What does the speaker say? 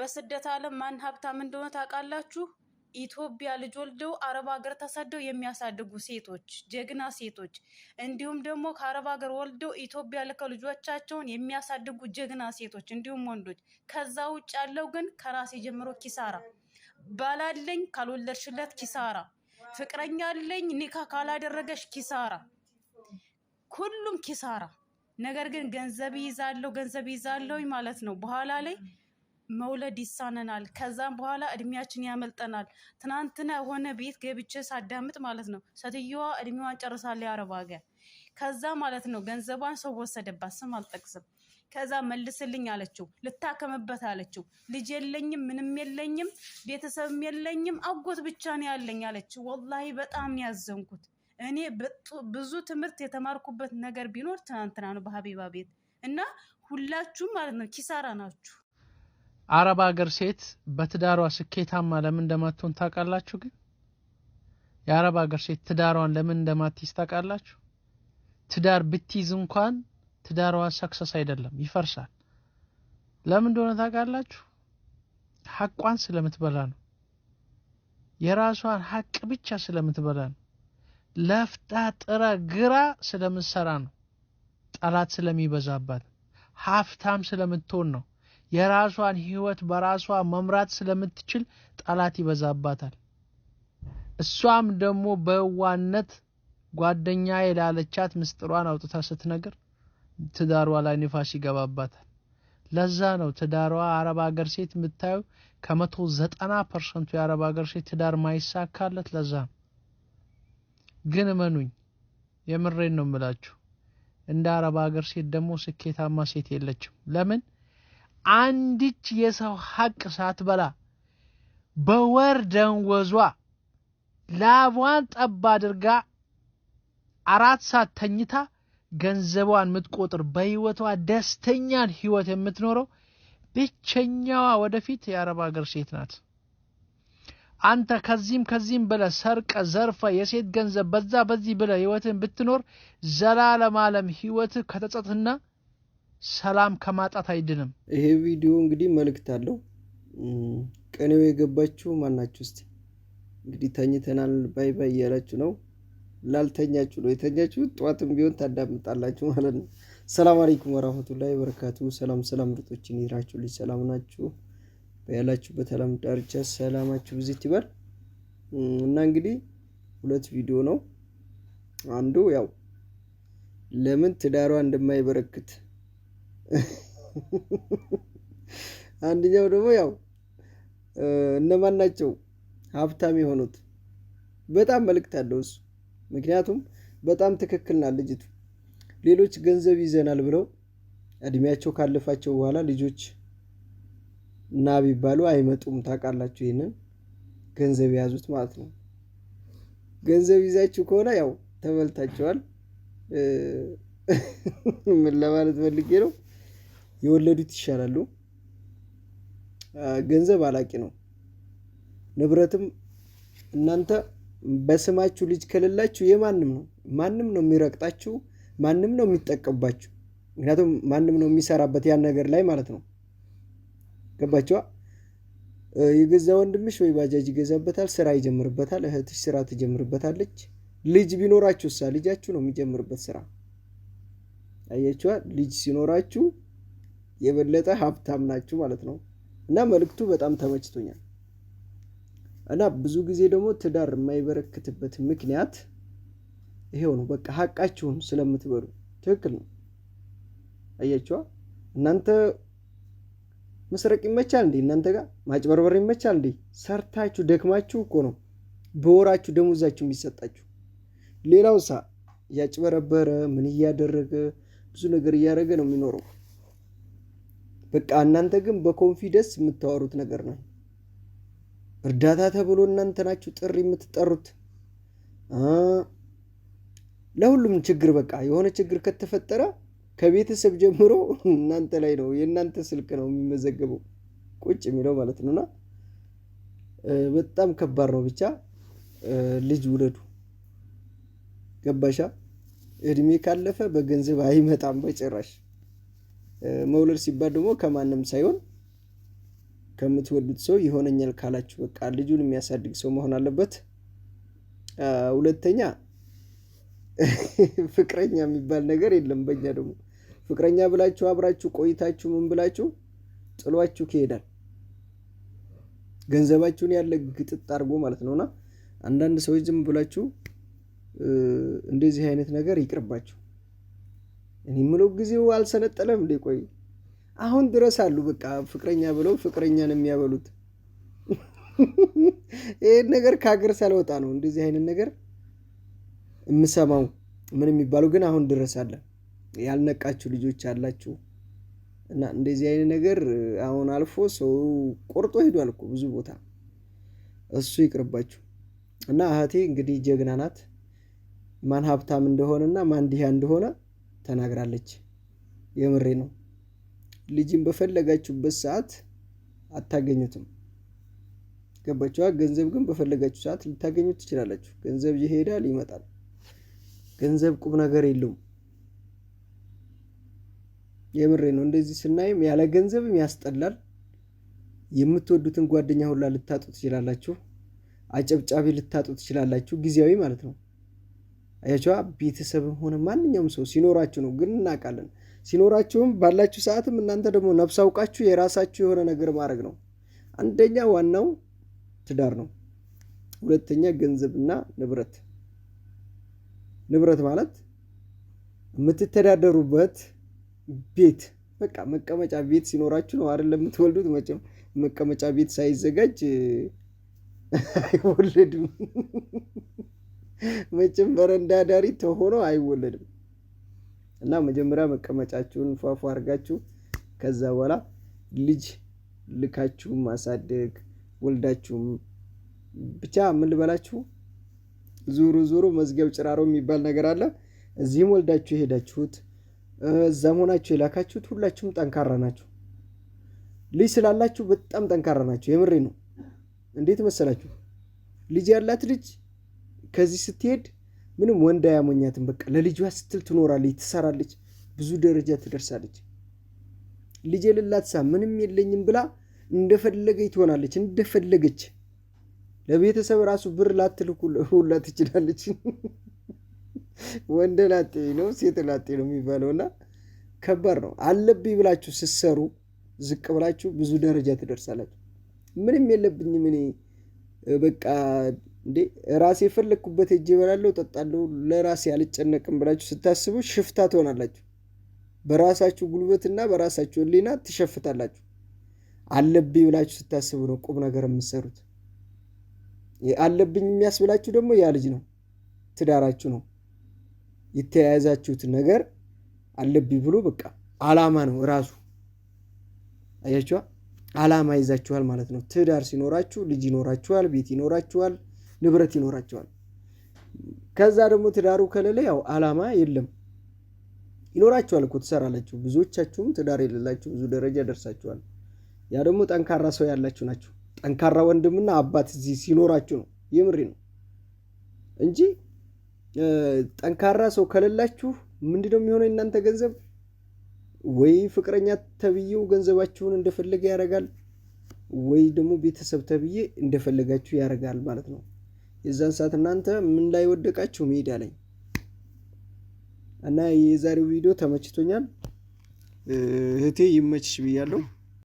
በስደት ዓለም ማን ሀብታም እንደሆነ ታውቃላችሁ? ኢትዮጵያ ልጅ ወልደው አረብ ሀገር ተሰደው የሚያሳድጉ ሴቶች፣ ጀግና ሴቶች እንዲሁም ደግሞ ከአረብ ሀገር ወልደው ኢትዮጵያ ልከው ልጆቻቸውን የሚያሳድጉ ጀግና ሴቶች እንዲሁም ወንዶች። ከዛ ውጭ ያለው ግን ከራሴ ጀምሮ ኪሳራ፣ ባላለኝ ካልወለድሽለት ኪሳራ፣ ፍቅረኛ አለኝ ኒካ ካላደረገሽ ኪሳራ፣ ሁሉም ኪሳራ። ነገር ግን ገንዘብ ይዛለሁ ገንዘብ ይዛለሁ ማለት ነው በኋላ ላይ መውለድ ይሳነናል። ከዛም በኋላ እድሜያችን ያመልጠናል። ትናንትና የሆነ ቤት ገብቼ ሳዳምጥ ማለት ነው ሴትዮዋ እድሜዋን ጨርሳለ የአረብ ሀገር። ከዛ ማለት ነው ገንዘቧን ሰው ወሰደባት፣ ስም አልጠቅስም። ከዛ መልስልኝ አለችው፣ ልታከምበት አለችው። ልጅ የለኝም፣ ምንም የለኝም፣ ቤተሰብም የለኝም፣ አጎት ብቻ ነው ያለኝ አለችው። ወላሂ በጣም ያዘንኩት። እኔ ብዙ ትምህርት የተማርኩበት ነገር ቢኖር ትናንትና ነው በሀቢባ ቤት እና ሁላችሁም ማለት ነው ኪሳራ ናችሁ። አረብ ሀገር ሴት በትዳሯ ስኬታማ ለምን እንደማትሆን ታውቃላችሁ? ግን የአረብ ሀገር ሴት ትዳሯን ለምን እንደማትይዝ ታውቃላችሁ? ትዳር ብትይዝ እንኳን ትዳሯ ሰክሰስ አይደለም፣ ይፈርሳል። ለምን እንደሆነ ታውቃላችሁ? ሐቋን ስለምትበላ ነው። የራሷን ሐቅ ብቻ ስለምትበላ ነው። ለፍታ ጥረ ግራ ስለምትሰራ ነው። ጠላት ስለሚበዛባት ሀፍታም ስለምትሆን ነው። የራሷን ህይወት በራሷ መምራት ስለምትችል ጠላት ይበዛባታል። እሷም ደግሞ በዋነት ጓደኛ የላለቻት ምስጢሯን አውጥታ ስትነግር ትዳሯ ላይ ንፋስ ይገባባታል። ለዛ ነው ትዳሯ አረብ ሀገር ሴት የምታዩ ከመቶ ዘጠና ፐርሰንቱ የአረብ ሀገር ሴት ትዳር ማይሳካለት ለዛ ነው። ግን እመኑኝ የምሬን ነው የምላችሁ እንደ አረብ ሀገር ሴት ደግሞ ስኬታማ ሴት የለችም። ለምን አንዲች የሰው ሐቅ ሳትበላ በወር ደንወዟ ላቧን ጠብ አድርጋ አራት ሰዓት ተኝታ ገንዘቧን የምትቆጥር በህይወቷ ደስተኛን ህይወት የምትኖረው ብቸኛዋ ወደፊት የአረብ ሀገር ሴት ናት። አንተ ከዚህም ከዚህም ብለ ሰርቀ ዘርፈ የሴት ገንዘብ በዛ በዚህ ብለ ህይወትን ብትኖር ዘላለም ዓለም ህይወት ከተጸትና ሰላም ከማጣት አይድንም። ይሄ ቪዲዮ እንግዲህ መልእክት አለው። ቀኔው የገባችሁ ማናችሁ? እስቲ እንግዲህ ተኝተናል ባይ ባይ እያላችሁ ነው። ላልተኛችሁ ነው የተኛችሁ፣ ጠዋትም ቢሆን ታዳምጣላችሁ ማለት ነው። ሰላም አለይኩም ወራህመቱላሂ ወበረካቱ። ሰላም ሰላም፣ ምርጦችን ይራችሁ ልጅ ሰላም ናችሁ ያላችሁበት በተለም ዳርቻ ሰላማችሁ ብዜት ይበል እና እንግዲህ ሁለት ቪዲዮ ነው። አንዱ ያው ለምን ትዳሯ እንደማይበረክት አንደኛው ደግሞ ያው እነማን ናቸው ሀብታም የሆኑት? በጣም መልእክት አለው እሱ። ምክንያቱም በጣም ትክክል ናት ልጅቱ። ሌሎች ገንዘብ ይዘናል ብለው እድሜያቸው ካለፋቸው በኋላ ልጆች ና ቢባሉ አይመጡም። ታውቃላችሁ፣ ይህንን ገንዘብ የያዙት ማለት ነው። ገንዘብ ይዛችሁ ከሆነ ያው ተበልታችኋል። ምን ለማለት ፈልጌ ነው? የወለዱት ይሻላሉ። ገንዘብ አላቂ ነው። ንብረትም እናንተ በስማችሁ ልጅ ከሌላችሁ የማንም ነው። ማንም ነው የሚረቅጣችሁ ማንም ነው የሚጠቀባችሁ። ምክንያቱም ማንም ነው የሚሰራበት ያን ነገር ላይ ማለት ነው። ገባችኋ? የገዛ ወንድምሽ ወይ ባጃጅ ይገዛበታል፣ ስራ ይጀምርበታል። እህትሽ ስራ ትጀምርበታለች። ልጅ ቢኖራችሁ እሳ ልጃችሁ ነው የሚጀምርበት ስራ። አያችኋል? ልጅ ሲኖራችሁ የበለጠ ሀብታም ናችሁ ማለት ነው። እና መልእክቱ በጣም ተመችቶኛል። እና ብዙ ጊዜ ደግሞ ትዳር የማይበረክትበት ምክንያት ይሄው ነው። በቃ ሀቃችሁን ስለምትበሉ ትክክል ነው። አያችዋ እናንተ መስረቅ ይመቻል እንዴ? እናንተ ጋር ማጭበርበር ይመቻል እንዴ? ሰርታችሁ ደክማችሁ እኮ ነው በወራችሁ ደሞዛችሁ የሚሰጣችሁ። ሌላው ሳ እያጭበረበረ ምን እያደረገ ብዙ ነገር እያደረገ ነው የሚኖረው። በቃ እናንተ ግን በኮንፊደንስ የምታወሩት ነገር ነው። እርዳታ ተብሎ እናንተ ናችሁ ጥሪ የምትጠሩት። ለሁሉም ችግር በቃ የሆነ ችግር ከተፈጠረ ከቤተሰብ ጀምሮ እናንተ ላይ ነው የእናንተ ስልክ ነው የሚመዘገበው ቁጭ የሚለው ማለት ነውና በጣም ከባድ ነው። ብቻ ልጅ ውለዱ። ገባሻ? እድሜ ካለፈ በገንዘብ አይመጣም በጭራሽ። መውለድ ሲባል ደግሞ ከማንም ሳይሆን ከምትወዱት ሰው ይሆነኛል ካላችሁ በቃ ልጁን የሚያሳድግ ሰው መሆን አለበት። ሁለተኛ ፍቅረኛ የሚባል ነገር የለም። በኛ ደግሞ ፍቅረኛ ብላችሁ አብራችሁ ቆይታችሁ ምን ብላችሁ ጥሏችሁ ከሄዳል ገንዘባችሁን ያለ ግጥጥ አድርጎ ማለት ነውና አንዳንድ ሰዎች ዝም ብላችሁ እንደዚህ አይነት ነገር ይቅርባችሁ። እኔ የምለው ጊዜው አልሰነጠለም እንዴ? ቆይ አሁን ድረስ አሉ በቃ ፍቅረኛ ብለው ፍቅረኛን የሚያበሉት። ይህን ነገር ከሀገር ሳልወጣ ነው እንደዚህ አይነት ነገር የምሰማው። ምን የሚባለው ግን አሁን ድረስ አለ። ያልነቃችሁ ልጆች አላችሁ እና እንደዚህ አይነት ነገር አሁን አልፎ ሰው ቆርጦ ሄዷል እኮ ብዙ ቦታ። እሱ ይቅርባችሁ። እና እህቴ እንግዲህ ጀግና ናት። ማን ሀብታም እንደሆነና ማን ድሃ እንደሆነ ተናግራለች። የምሬ ነው። ልጅም በፈለጋችሁበት ሰዓት አታገኙትም። ገባችኋ? ገንዘብ ግን በፈለጋችሁ ሰዓት ልታገኙት ትችላላችሁ። ገንዘብ ይሄዳል ይመጣል። ገንዘብ ቁም ነገር የለውም። የምሬ ነው። እንደዚህ ስናይም ያለ ገንዘብም ያስጠላል። የምትወዱትን ጓደኛ ሁላ ልታጡ ትችላላችሁ። አጨብጫቢ ልታጡ ትችላላችሁ። ጊዜያዊ ማለት ነው። አያቸዋ ቤተሰብም ሆነ ማንኛውም ሰው ሲኖራችሁ ነው። ግን እናውቃለን ሲኖራችሁም ባላችሁ ሰዓትም እናንተ ደግሞ ነፍስ አውቃችሁ የራሳችሁ የሆነ ነገር ማድረግ ነው። አንደኛ ዋናው ትዳር ነው። ሁለተኛ ገንዘብና ንብረት። ንብረት ማለት የምትተዳደሩበት ቤት በቃ መቀመጫ ቤት ሲኖራችሁ ነው አይደለም የምትወልዱት። መቼም መቀመጫ ቤት ሳይዘጋጅ አይወለድም። መቼም በረንዳ ዳሪ ተሆኖ አይወለድም እና መጀመሪያ መቀመጫችሁን ፏፏ አድርጋችሁ ከዛ በኋላ ልጅ ልካችሁም ማሳደግ ወልዳችሁም ብቻ ምን ልበላችሁ፣ ዙሩ ዙሩ መዝገብ ጭራሮ የሚባል ነገር አለ። እዚህም ወልዳችሁ የሄዳችሁት እዛም ሆናችሁ የላካችሁት ሁላችሁም ጠንካራ ናችሁ። ልጅ ስላላችሁ በጣም ጠንካራ ናችሁ። የምሬ ነው። እንዴት መሰላችሁ? ልጅ ያላት ልጅ ከዚህ ስትሄድ ምንም ወንድ አያሞኛትም። በቃ ለልጇ ስትል ትኖራለች፣ ትሰራለች፣ ብዙ ደረጃ ትደርሳለች። ልጅ የሌላት ሳ ምንም የለኝም ብላ እንደፈለገች ትሆናለች፣ እንደፈለገች ለቤተሰብ ራሱ ብር ላትልኩ ትችላለች። ወንድ ላጤ ነው ሴት ላጤ ነው የሚባለው እና ከባድ ነው። አለብኝ ብላችሁ ስትሰሩ ዝቅ ብላችሁ ብዙ ደረጃ ትደርሳላችሁ። ምንም የለብኝም እኔ በቃ እንዴ ራሴ የፈለግኩበት እጅ እበላለሁ፣ ጠጣለሁ፣ ለራሴ አልጨነቅም ብላችሁ ስታስቡ ሽፍታ ትሆናላችሁ። በራሳችሁ ጉልበትና በራሳችሁ ሕሊና ትሸፍታላችሁ። አለብኝ ብላችሁ ስታስቡ ነው ቁም ነገር የምትሰሩት። አለብኝ የሚያስብላችሁ ደግሞ ያ ልጅ ነው፣ ትዳራችሁ ነው። የተያያዛችሁት ነገር አለብኝ ብሎ በቃ አላማ ነው እራሱ። አያችኋ፣ አላማ ይዛችኋል ማለት ነው። ትዳር ሲኖራችሁ ልጅ ይኖራችኋል፣ ቤት ይኖራችኋል። ንብረት ይኖራቸዋል። ከዛ ደግሞ ትዳሩ ከሌለ ያው አላማ የለም። ይኖራቸዋል እኮ ትሰራላችሁ። ብዙዎቻችሁም ትዳር የሌላችሁ ብዙ ደረጃ ደርሳችኋል። ያ ደግሞ ጠንካራ ሰው ያላችሁ ናችሁ። ጠንካራ ወንድምና አባት እዚህ ሲኖራችሁ ነው። የምሬ ነው እንጂ ጠንካራ ሰው ከሌላችሁ ምንድነው ነው የሚሆነው? እናንተ ገንዘብ ወይ ፍቅረኛ ተብዬው ገንዘባችሁን እንደፈለገ ያደርጋል፣ ወይ ደግሞ ቤተሰብ ተብዬ እንደፈለጋችሁ ያደርጋል ማለት ነው። የዛን ሰዓት እናንተ ምን ላይ ወደቃችሁ? ሜዳ ላይ እና የዛሬው ቪዲዮ ተመችቶኛል። እህቴ ይመችሽ ብያለሁ።